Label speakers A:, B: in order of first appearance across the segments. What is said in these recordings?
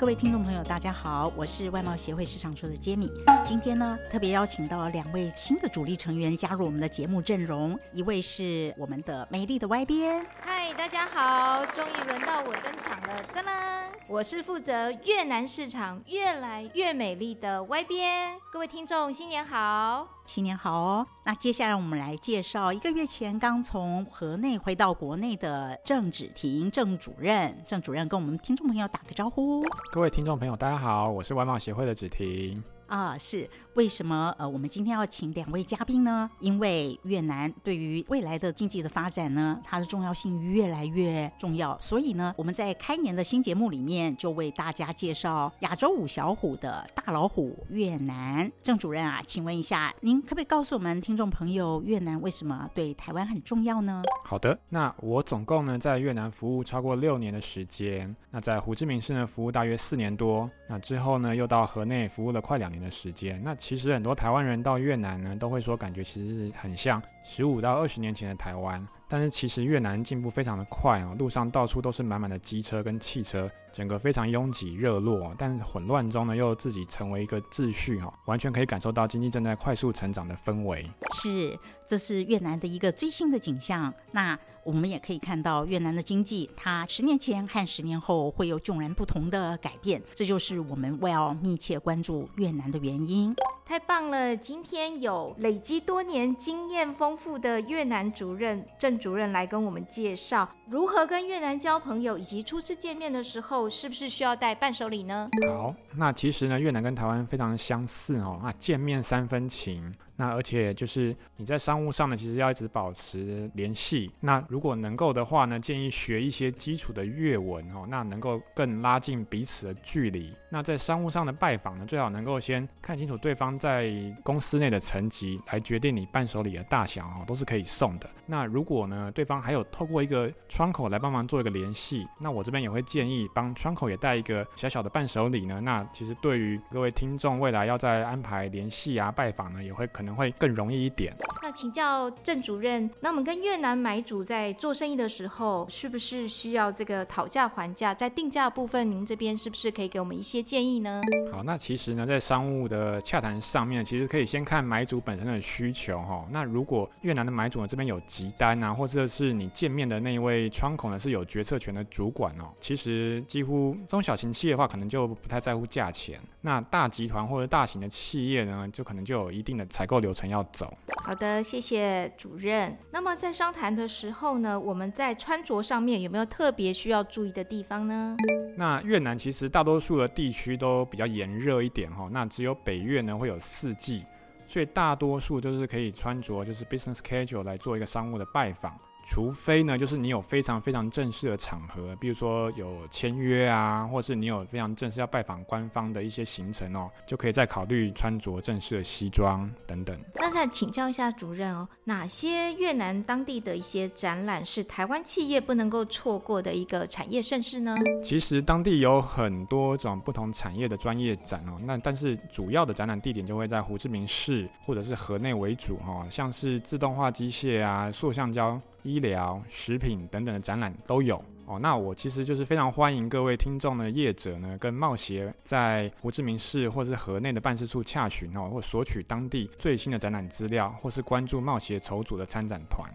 A: 各位聽眾朋友，大家好，我是外貿協會市場處的傑米。今天呢，特別邀請到了兩位新的主力成員加入我們的節目陣容，一位是我們的美麗的 Y 編。
B: 嗨，大家好，終於輪到我登場了，噔噔。我是負責越南市場越來越美
A: 麗的外邊。各
B: 位聽眾，新年好，
A: 新年好哦。那接下來我們來介紹一個月前剛從河內回到國內的鄭芷婷，鄭主任。鄭主任跟我們聽眾朋友打個招呼。各位聽眾朋友，大家好，我是外貿協會的芷婷。啊，是為什麼？呃，我們今天要請兩位嘉賓呢？因為越南對於未來的經濟的發展呢，它的重要性越來越重要。所以呢，我們在開年的新節目裡面就為大家介紹亞洲五小虎的大老虎越南。鄭主任啊，請問一下，您可不可以告訴我們聽眾朋友，越南為什麼對臺灣很重要呢？
C: 好的，那我總共呢在越南服務超過六年的時間，那在胡志明市呢服務大約四年多，那之後呢又到河內服務了快兩年的時間，那其實很多台灣人到越南呢，都會說，感覺其實很像十五到二十年前的台灣，但是其實越南進步非常的快哦，路上到處都是滿滿的機車跟汽車。整個非常擁擠、熱絡，但混亂中呢，又自己成為一個秩序哈，完全可以感受到經濟正在快速成長的氛圍。
A: 是，這是越南的一個最新的景象。那我們也可以看到越南的經濟，它十年前和十年後會有迥然不同的改變。這就是我們要密切關注越南的原因。
B: 太棒了，今天有累積多年經驗豐富的越南主任鄭主任來跟我們介紹如何跟越南交朋友，以及初次見面的時候。是不是需要帶伴手禮呢？好，
C: 那其實呢，越南跟台灣非常的相似哦。啊，見面三分情。那而且就是你在商務上呢，其實要一直保持聯繫。那如果能夠的話呢，建議學一些基礎的越文哦，那能夠更拉近彼此的距離。那在商務上的拜訪呢，最好能夠先看清楚對方在公司內的層級，來決定你伴手禮的大小哦，都是可以送的。那如果呢，對方還有透過一個窗口來幫忙做一個聯繫，那我這邊也會建議幫窗口也帶一個小小的伴手禮呢。那其實對於各位聽眾未來要再安排聯繫啊、拜訪呢，也會可能。會更容易一點。
B: 那請教鄭主任，那我們跟越南買主在做生意的時候，是不是需要這個討價還價？在定價部分，您這邊是不是可以給我們一些建議呢？好，
C: 那其實呢，在商務的洽談上面，其實可以先看買主本身的需求哈，哦。那如果越南的買主呢這邊有急單啊，或者是你見面的那一位窗口呢是有決策權的主管哦，其實幾乎中小型企業的話，可能就不太在乎價錢。那大集團或者大型的企業呢，就可能就有一定的採購。流程要走。
B: 好的，謝謝主任。那麼在商談的時候呢，我們在穿着上面有沒有特別需要注意的地方呢？
C: 那越南其實大多數的地區都比較炎熱一點哈，那只有北越呢會有四季，所以大多數就是可以穿着就是 business casual 來做一個商務的拜訪。除非呢，就是你有非常非常正式的場合，比如說有簽約啊，或是你有非常正式要拜訪官方的一些行程哦，就可以再考慮穿着正式的西裝等等。
B: 那再請教一下主任哦，哪些越南當地的一些展覽是台灣企業不能夠錯過的一個產業盛事呢？其
C: 實當地有很多種不同產業的專業展哦，那但是主要的展覽地點就會在胡志明市或者是河內為主哦，像是自動化機械啊、塑橡膠、醫療食品等等的展覽都有哦，那我其實就是非常歡迎各位聽眾的業者呢，跟貿協在胡志明市或者是河內的辦事處洽詢哦，或索取當地最新的展覽資料，或是關注貿協籌組的參展團。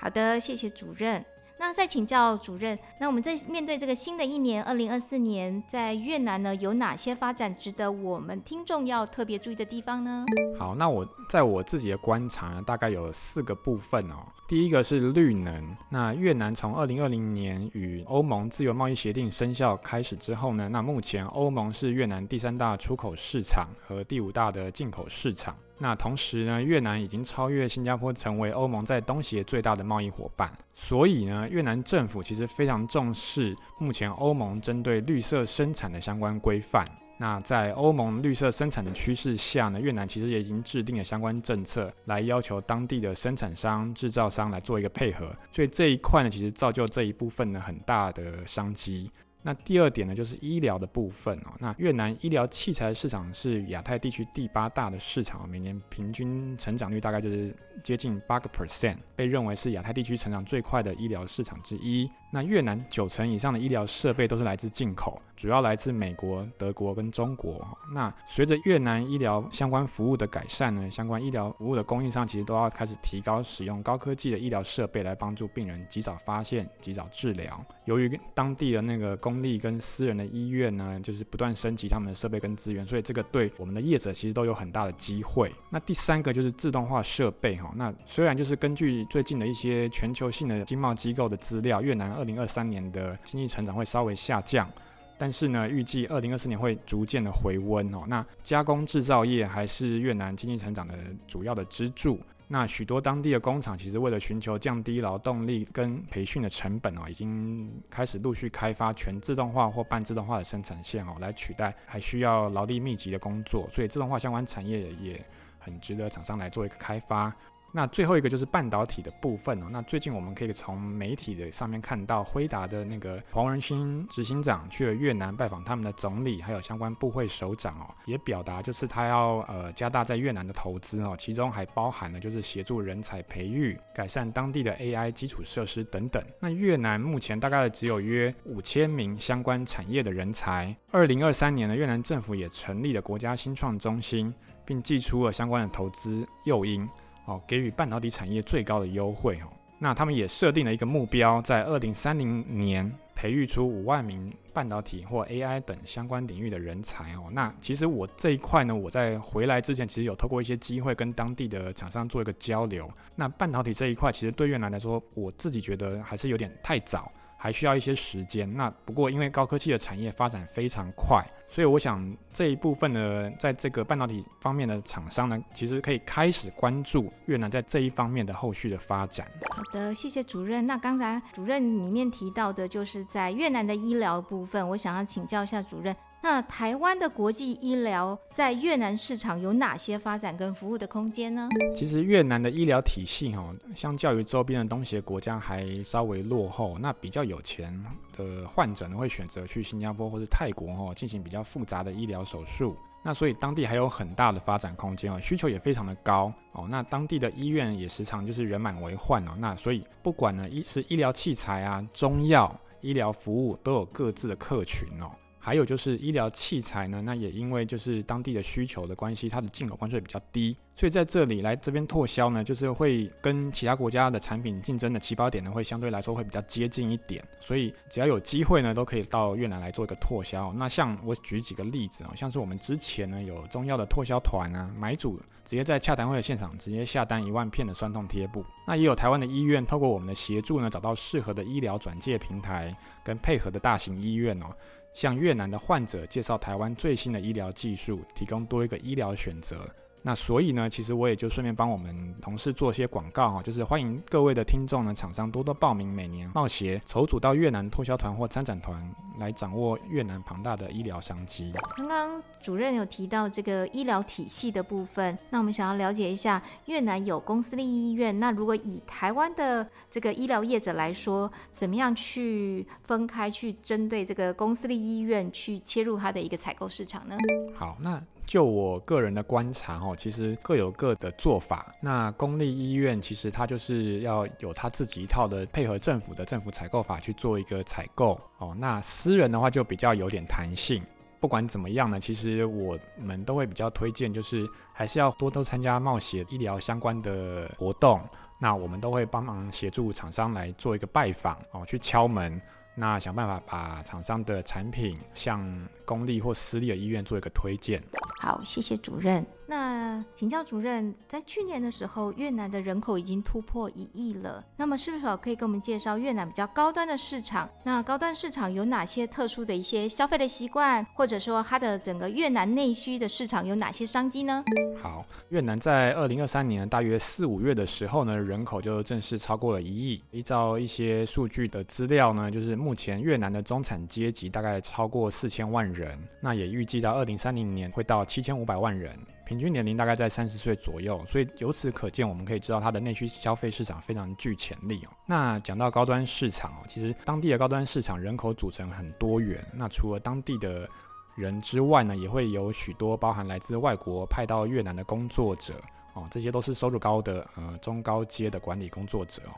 B: 好的，謝謝主任。那再請教主任，那我們在面對這個新的一年，二零二四年，在越南呢有哪些發展值得我們聽眾要特別注意的地方呢？
C: 好，那我在我自己的觀察呢，大概有四個部分哦。第一個是綠能，那越南從二零二零年與歐盟自由貿易協定生效開始之後呢，那目前歐盟是越南第三大出口市場和第五大的進口市場。那同時呢，越南已經超越新加坡，成為歐盟在東協最大的貿易夥伴。所以呢，越南政府其實非常重視目前歐盟針對綠色生產的相關規範。那在歐盟綠色生產的趨勢下呢，越南其實也已經製定了相關政策，來要求當地的生產商、制造商來做一個配合。所以這一塊呢，其實造就這一部分呢，很大的商機。那第二點呢，就是醫療的部分哦。那越南醫療器材市場是亞太地區第八大的市場，每年平均成長率大概就是接近八個 percent，被認為是亞太地區成長最快的醫療市場之一。那越南九成以上的醫療設備都是來自進口，主要來自美國、德國跟中國。那隨着越南醫療相關服務的改善呢，相關醫療服務的供應商其實都要開始提高使用高科技的醫療設備來幫助病人及早發現、及早治療。由於當地的那個公立跟私人的醫院呢，就是不斷升級他們的設備跟資源，所以這個對我們的業者其實都有很大的機會。那第三個就是自動化設備哈，那雖然就是根據最近的一些全球性的經貿機構的資料，越南二零二三年的經濟成長會稍微下降，但是呢，預計二零二四年會逐漸的回溫哦。那加工製造業還是越南經濟成長的主要的支柱。那許多當地的工廠其實為了尋求降低勞動力跟培訓的成本哦，已經開始陸續開發全自動化或半自動化的生產線哦，來取代還需要勞力密集的工作。所以，自動化相關產業也很值得廠商來做一個開發。那最後一個就是半導體的部分哦。那最近我們可以從媒體的上面看到，輝達的那個黃仁勳執行長去了越南拜訪他們的總理，還有相關部會首長哦，也表達就是他要呃加大在越南的投資哦，其中還包含了就是協助人才培育、改善當地的 AI 基礎設施等等。那越南目前大概只有約五千名相關產業的人才。二零二三年呢，越南政府也成立了國家新創中心，並祭出了相關的投資誘因。哦，給予半導體產業最高的優惠哦，那他們也設定了一個目標，在二零三零年培育出五萬名半導體或 AI 等相關領域的人才哦。那其實我這一塊呢，我在回來之前，其實有透過一些機會跟當地的廠商做一個交流。那半導體這一塊，其實對越南來說，我自己覺得還是有點太早。還需要一些時間。那不過，因為高科技的產業發展非常快，所以我想這一部分呢，在這個半導體方面的廠商呢，其實可以開始關注越南在這一方面的後續的發展。
B: 好的，謝謝主任。那剛才主任裡面提到的，就是在越南的醫療部分，我想要請教一下主任。那台灣的國際醫療在越南市場有哪些發展跟服務的空間呢？其
C: 實越南的醫療體系哦，相較於周邊的東協的國家還稍微落後。那比較有錢的患者呢，會選擇去新加坡或者泰國哦，進行比較複雜的醫療手術。那所以當地還有很大的發展空間哦，需求也非常的高哦。那當地的醫院也時常就是人滿為患哦。那所以不管呢醫是醫療器材啊、中藥、醫療服務，都有各自的客群哦。還有就是醫療器材呢，那也因為就是當地的需求的關係，它的進口關稅比較低，所以在這裡來這邊拓銷呢，就是會跟其他國家的產品競爭的起跑點呢，會相對來說會比較接近一點。所以只要有機會呢，都可以到越南來做一個拓銷，喔。那像我舉幾個例子啊，喔，像是我們之前呢有中藥的拓銷團啊，買主直接在洽談會的現場直接下單一萬片的酸痛貼布。那也有台灣的醫院透過我們的協助呢，找到適合的醫療轉介平台跟配合的大型醫院哦，喔。向越南的患者介紹台灣最新的醫療技術，提供多一個醫療選擇。那所以呢，其實我也就順便幫我們同事做些廣告哈，就是歡迎各位的聽眾呢，廠商多多報名，每年貿協籌組到越南拓銷團或參展團，來掌握越南龐大的醫療商機。
B: 剛剛主任有提到這個醫療體系的部分，那我們想要了解一下，越南有公私立醫院，那如果以台灣的這個醫療業者來說，怎麼樣去分開去針對這個公私立醫院去切入它的一個採購市場呢？
C: 好，那。就我個人的觀察哦，其實各有各的做法。那公立醫院其實它就是要有他自己一套的配合政府的政府採購法去做一個採購哦。那私人的話就比較有點彈性。不管怎麼樣呢，其實我們都會比較推薦，就是還是要多多參加冒險醫療相關的活動。那我們都會幫忙協助廠商來做一個拜訪哦，去敲門。那想辦法把廠商的產品向公立或私立的醫院做一個推薦。好，
B: 謝謝主任。那請教主任，在去年的時候，越南的人口已經突破一億了。那麼，是不是可以給我們介紹越南比較高端的市場？那高端市場有哪些特殊的一些消費的習慣，或者說它的整個越南內需的市場有哪些商機呢？好，
C: 越南在二零二三年大約四五月的時候呢，人口就正式超過了一億。依照一些數據的資料呢，就是目前越南的中產階級大概超過四千萬人，那也預計到二零三零年會到七千五百萬人。平均年齡大概在三十歲左右，所以由此可見，我們可以知道它的內需消費市場非常具潛力哦。那講到高端市場哦，其實當地的高端市場人口組成很多元，那除了當地的人之外呢，也會有許多包含來自外國派到越南的工作者哦，這些都是收入高的呃中高階的管理工作者哦。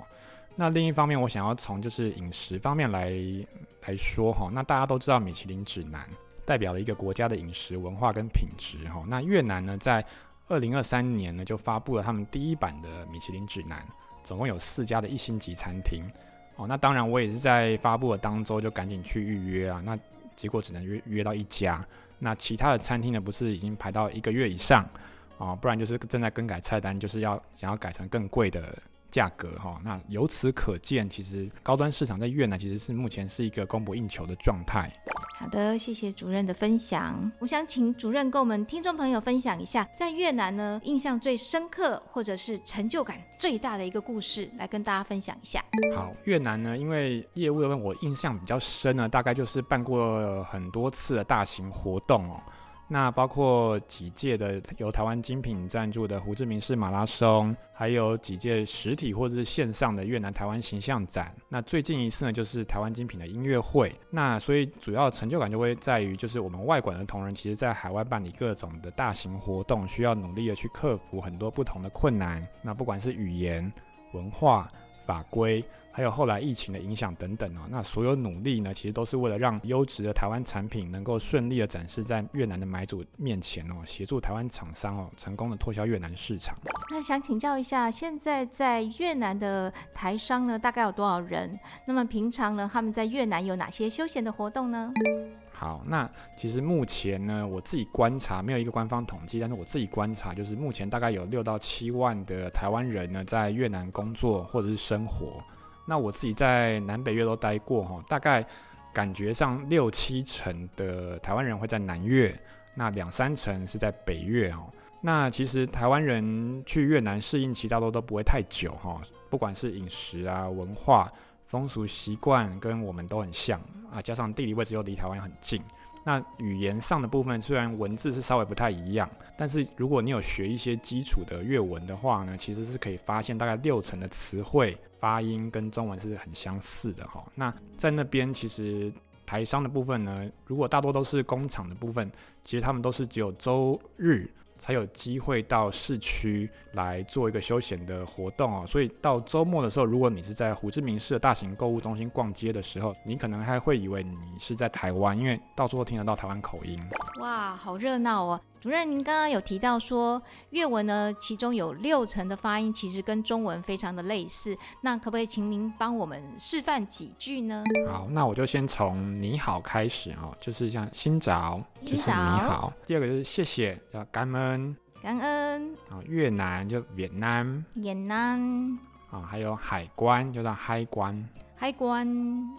C: 那另一方面，我想要從就是飲食方面來來說哈，那大家都知道米其林指南。代表了一個國家的飲食文化跟品質哈。那越南呢，在二零二三年呢就發布了他們第一版的米其林指南，總共有四家的一星級餐廳。哦，那當然我也是在發布的當周就趕緊去預約啊。那結果只能預約到一家，那其他的餐廳呢，不是已經排到一個月以上哦，不然就是正在更改菜單，就是要想要改成更貴的價格哈。那由此可見，其實高端市場在越南其實是目前是一個供不應求的狀態。
B: 好的，謝謝主任的分享。我想請主任跟我們聽眾朋友分享一下，在越南呢，印象最深刻或者是成就感最大的一個故事，來跟大家分享一下。好，
C: 越南呢，因為業務的問題，我印象比較深呢，大概就是辦過很多次的大型活動哦。那包括幾屆的由台灣精品贊助的胡志明市馬拉松，還有幾屆實體或者是線上的越南台灣形象展。那最近一次呢，就是台灣精品的音樂會。那所以主要成就感就會在於，就是我們外館的同仁其實在海外辦理各種的大型活動，需要努力的去克服很多不同的困難。那不管是語言、文化、法規。還有後來疫情的影響等等哦，那所有努力呢，其實都是為了讓優質的台灣產品能夠順利的展示在越南的買主面前哦，協助台灣廠商哦，成功的拓銷越南市場。
B: 那想請教一下，現在在越南的台商呢，大概有多少人？那麼平常呢，他們在越南有哪些休閒的活動呢？
C: 好，那其實目前呢，我自己觀察，沒有一個官方統計，但是我自己觀察就是目前大概有六到七萬的台灣人呢，在越南工作或者是生活。那我自己在南北越都待過哈，大概感覺上六七成的台灣人會在南越，那兩三成是在北越，那其實台灣人去越南適應期大多都不會太久哈，不管是飲食啊、文化、風俗習慣跟我們都很像啊，加上地理位置又離台灣很近。那語言上的部分，雖然文字是稍微不太一樣，但是如果你有學一些基礎的越文的話呢，其實是可以發現大概六成的詞彙發音跟中文是很相似的哈。那在那邊其實台商的部分呢，如果大多都是工廠的部分，其實他們都是只有週日。才有機會到市區來做一個休閒的活動哦、喔。所以到週末的時候，如果你是在胡志明市的大型購物中心逛街的時候，你可能還會以為你是在台灣，因為到處都聽得到台灣口音。
B: 哇，好熱鬧哦！主任，您剛剛有提到說，越文呢，其中有六成的發音其實跟中文非常的類似。那可不可以請您幫我們示範幾句呢？好，
C: 那我就先從你好開始哦，就是像新找，就是、你好新找，第二個就是謝謝，叫感恩，
B: 感恩，
C: 然後越南就越南，
B: 越南，
C: 啊、哦，還有海關，叫海關，
B: 海關，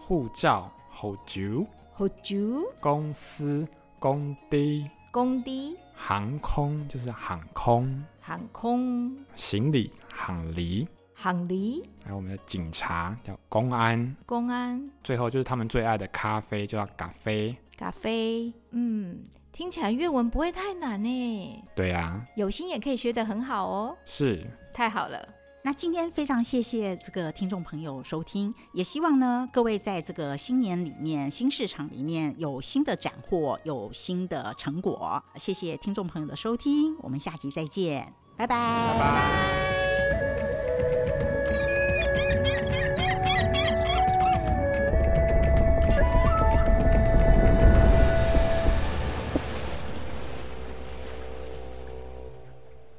C: 護照，好久，好久，公司，工地，
B: 工地。
C: 航空就是航空，
B: 航空，
C: 行李，行李，
B: 行李。還
C: 有我們的警察叫公安，
B: 公安。
C: 最後就是他們最愛的咖啡，就叫咖啡，
B: 咖啡。嗯，聽起來越文不會太難呢、
A: 欸。對啊，有心也可以學得很好哦。是，太好了。那今天非常謝謝這個聽眾朋友收聽，也希望呢，各位在這個新年裡面、新市場裡面有新的斬獲，有新的成果。謝謝聽眾朋友的收聽，我們下集再見，拜拜，拜拜。